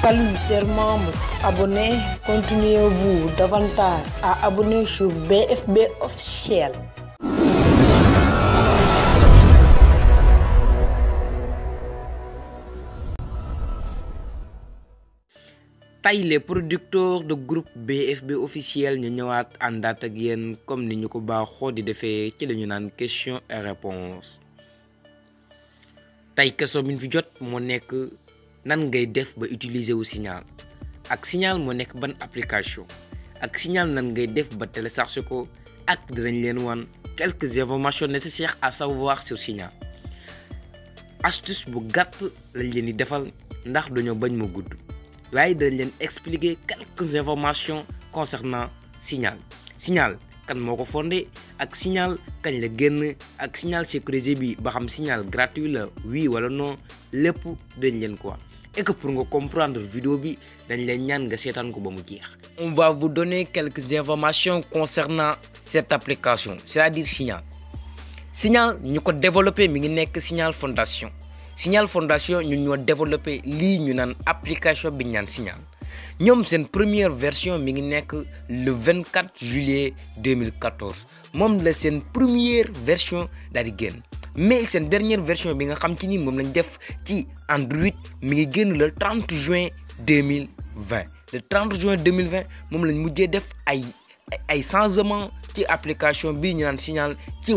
Salut, chers membres, abonnés, continuez-vous davantage à abonner sur BFB officiel. Taille les producteurs du groupe BFB officiel ñu ñëwaat àndaat ak yéen comme nous avons ko de di defee ci lañu naan questions et réponses. tey question bi ñu fi jot nekk nan ngay def ba utiliser wu signal ak signal mo nek ban application ak signal nan ngay def ba télécharger ko ak dinañ leen wan quelques informations nécessaires à savoir sur signal astuce bu gatt lañ leen di defal ndax dañu bañ mu gudd waaye dinañ leen expliquer quelques informations concernant signal signal kan moko fondé ak signal kañ la génn ak signal sécurisé bi ba xam signal gratuit la oui wala non lépp dañ leen ko wax et que pour comprendre la vidéo bi dañ on va vous donner quelques informations concernant cette application c'est-à-dire Signal Signal nous avons développé mi Signal Fondation Signal Fondation nous avons développé l'application ñu application bi Signal. Nous Signal une première version mi le 24 juillet 2014 C'est la première version de la mais cette dernière version bi nga xam ci ni mom lañ Android mi ngi le 30 juin 2020 le 30 juin 2020 mom lañ mujjé def ay ay changement ci application qui ñu naan signal ci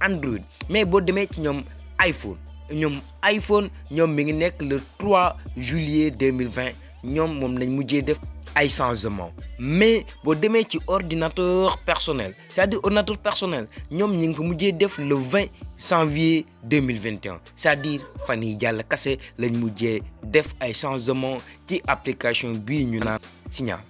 Android mais si vous ci ñom iPhone ñom iPhone ñom mi ngi le 3 juillet 2020 ñom mom lañ def ay changement mais pour un ci ordinateur personnel c'est-à-dire ordinateur personnel ñom ñing fa mujjé def le 20 janvier 2021 c'est-à-dire que jall cassé lañ mujjé def ay changement ci application bi ñu naan Signal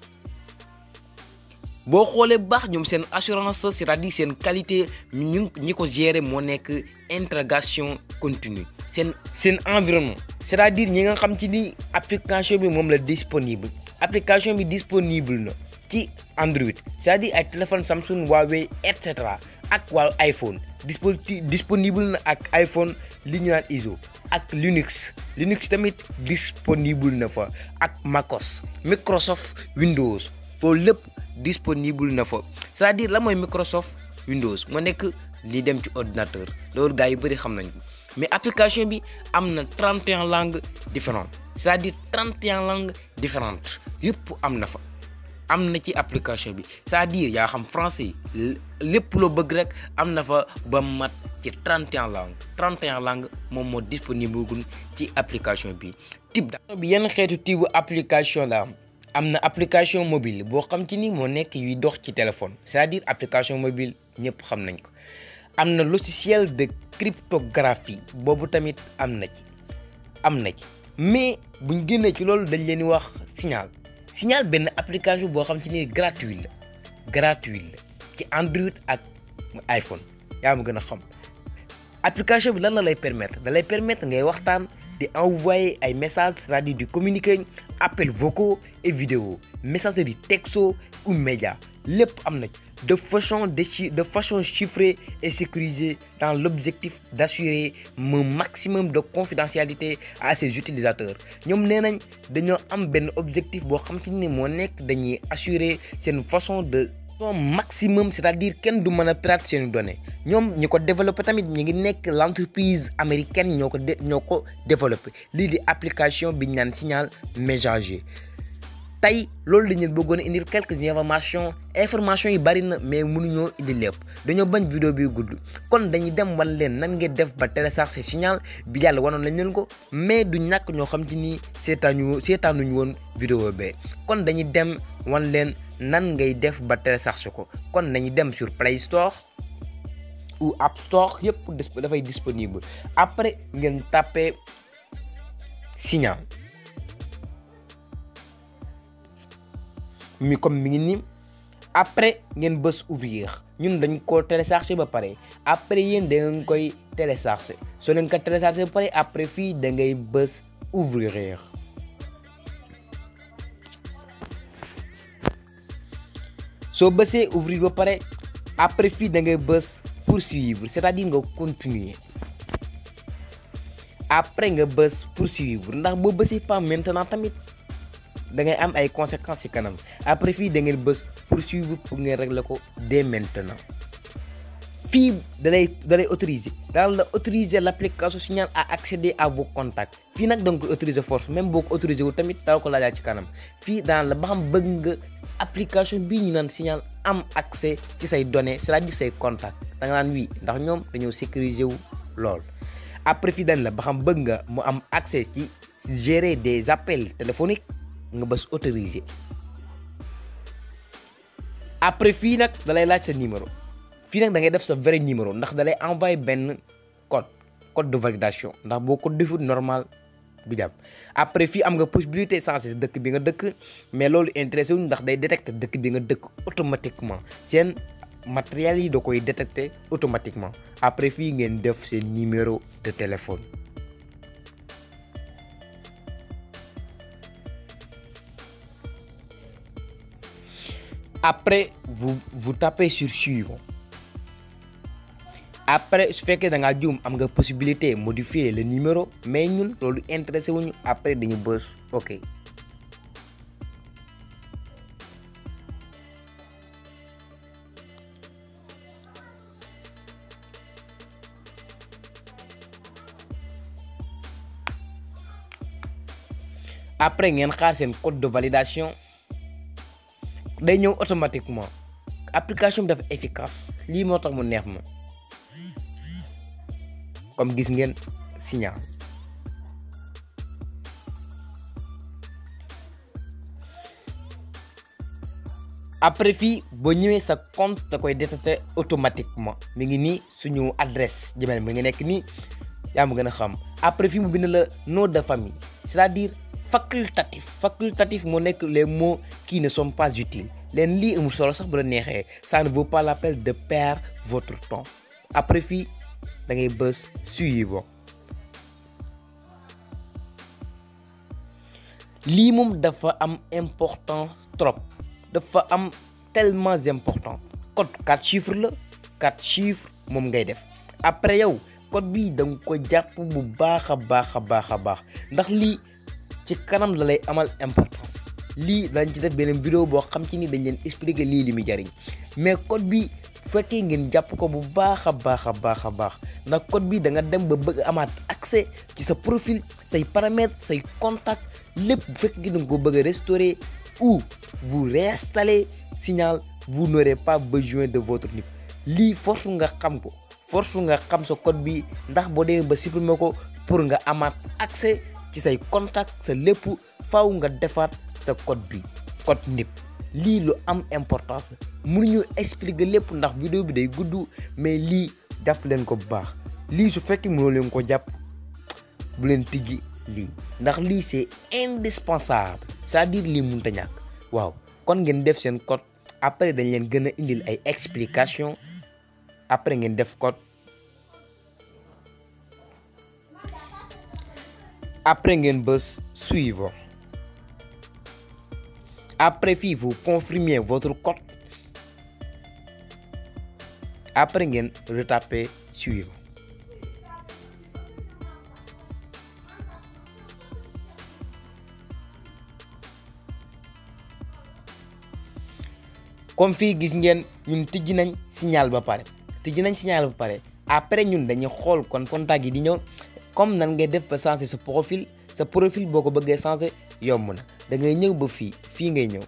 bo xolé bax assurance c'est-à-dire une qualité ñu ñiko gérer mo nek interrogation continue sen un environnement c'est-à-dire ñi nga xam ci ni application bi mom la disponible application bi disponible na ci Android c'est-à-dire ay téléphone Samsung Huawei et cetera ak wàllu iPhone dispo disponible na ak iPhone li ñu naan ISO ak Linux Linux tamit disponible na fa ak MacOS Microsoft Windows foofu lépp disponible na fa cest à la mooy Microsoft Windows moo nekk. li dem ci ordinateur loolu gars bëri ko mais application bi am 31 langues différentes c'est-à-dire 31 langues différentes yëpp am na fa am na ci application bi c'est-à-dire yaa xam français lépp loo bëgg rek am na fa ba mat ci 31 langues 31 langues sont disponibles disponible l'application. ci application bi type da bi yenn xeetu type application la am am application mobile boo xam ci ni moo nekk yuy dox ci téléphone c'est-à-dire application mobile ñëpp xam nañ ko am na logiciel de cryptographie boobu tamit am na ci am na ci mais buñ génnee ci loolu dañ leen di wax signal signal benn application boo xam ci ni gratuit la gratuit la ci Android ak iPhone yaa ma gën a xam application bi lan la lay permettre da lay permettre ngay waxtaan di envoyer ay messages c'est-à-dire di communiquer appel vocaux et messages messagerie texto ou média lépp am na ci de façon, de façon chiffrée et sécurisée dans l'objectif d'assurer un maximum de confidentialité à ses utilisateurs Nous avons un objectif pour xam assurer cette façon de son maximum c'est-à-dire kenn du mën a pirater seen données Nous avons développé l'entreprise américaine qui a développé di application signal messager tay lolou la ñeen bëggoon indil quelques informations information yi bari na mais mënuñoo indi lépp dañu bañ vidéo bi gudd kon dañuy dem wan leen nan ngeen def ba télécharger signal bi yalla wanoon lañu leen ko mais du ñak ñoo xam ci ni sétanu sétanu ñu won vidéo bee kon dañuy dem wan leen nan ngay def ba télécharger ko kon nañu dem sur Play Store ou App Store da fay disponible après ngeen taper signal mi comme mi ngi nii après ngeen bës ouvrir ñun dañ ko téléchargé ba pare après yéen da koy téléchargé soo leen ko téléchargé ba pare après fii da ngay bës ouvrir. soo bësee ouvrir ba pare après fii da ngay bës poursuivre c'est-à-dire nga continuer après nga bës poursuivre ndax boo bësee pas maintenant tamit. dangay am ay conséquences ci kanam après fii da ngeen bës poursuivre pour ngeen régler ko dès maintenant fii da lay da lay autoriser dans la autoriser l' application Signal à accéder à vos contacts fii nag da nga koy autoriser force même boo ko autoriser wu tamit daaw ko laajaat ci kanam fii daal la ba xam bëgg nga application bii ñu naan Signal am accès ci say données c'est-à-dire say contacts da nga naan wii ndax ñoom dañoo sécuriser wu lool. après fii dañ la ba xam bëgg nga mu am accès ci gérer des appels téléphoniques. nga bës autorisé après fii nag da laaj sa numéro fii nag da ngay def sa vrai numéro ndax dalay lay envoyé benn code code de validation ndax boo ko defut normal du jàpp après fii am nga possibilité sensé dëkk bi nga dëkk mais loolu intéressé wuñ ndax day détecté dëkk bi nga dëkk automatiquement seen matériel yi da koy détecté automatiquement après fii ngeen def seen numéro de téléphone Après, vous, vous tapez sur suivre. après que que que ngaa vous avez la possibilité de modifier le numéro mais nous nous intéressé wuñu après dañu bës ok après vous avons un code de validation day ñëw automatiquement application bi dafa efficace lii moo tax mu neex ma comme gis ngeen signal après fii boo ñëwee sa compte da koy détecté automatiquement mi ngi nii suñu adresse jëmale mi ngi nekk nii yaa ma gën a xam après fii mu bind la nom de famille c'est-à-dire facultatif facultatif moo les mots qui ne sont pas utiles ça ne vaut pas l'appel de perdre votre temps après fi da ngay bës suivant important trop tellement important code quatre chiffres 4 chiffres ngay après yow code bi dang ko japp bu ci kanam la lay amal importance li dañ ci def benen vidéo bo xam ci ni dañ leen expliquer li limi jariñ mais code bi fekkee ngeen japp ko bu baakha baakha baakha baax na code bi da nga dem ba bëgg amaat accès ci sa profil say paramètres say contact lepp fekk fekkee da ko bëgg restaurer ou vous réinstaller signal vous n'aurez pas besoin de votre NIP Li force nga xam ko force nga xam sa code bi ndax bo dem ba supprimer ko pour nga amaat accès ci say contact sa lepp faaw nga defaat sa code bi code NIP e li lu am importance ñu expliquer lepp ndax vidéo bi day gudd mais li jàpp leen ko bu baax lii su fekk mënu leen ko japp bu leen tigi li ndax li c'est indispensable ça à dire mën ta ñak waaw kon ngeen def seen code après dañ leen gëna indil ay explication après ngeen def code après ngeen bus suivre après fii vous confirmez votre code après ngeen retaper suivre comme fii gis ngeen ñun tijji nañ signal ba paré tijji nañ signal ba paré après ñun dañuy xol kon contact yi di ñëw comme nan ngay def ba changer sa profil sa profil boo ko bëggee changer yomb na da ngay ñëw ba fii fii ngay ñëw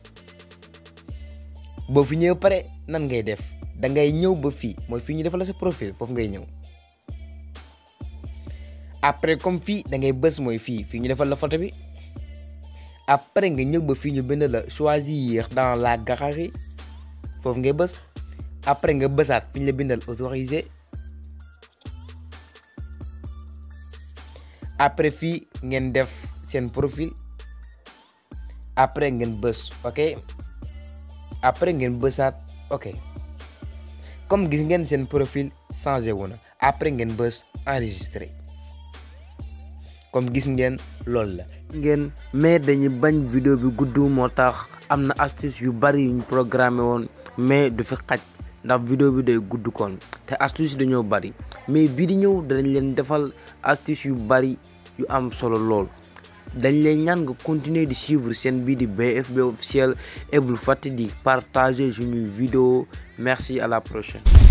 boo pare nan ngay def da ngay ñëw ba fii mooy fii ñu defal la sa profil foofu ngay ñëw après comme fii da ngay bës mooy fii fii ñu defal la photo bi après nga ñëw ba fii ñu bind la yéex dans la gaxari foofu ngay bës après nga bësaat fi ñu la bindal autoriser après fi ngeen def sen profil après ngeen bës ok après ngeen bësaat ok comme gis ngeen sen profil changé wona après ngeen bës enregistrer comme gis ngeen lol la ngeen mais dañu bañ vidéo bi guddu motax amna am na astuce yu bari yu programmé won mais du fi xaj ndax vidéo bi day guddu kon te astuce dañu bari mais bi di ñew dañ leen defal astuce yu bari you am solo lool dañ lay ñaan nga suivre seen bii di BFB officiel et vous fàtte di partager une vidéo merci à la prochaine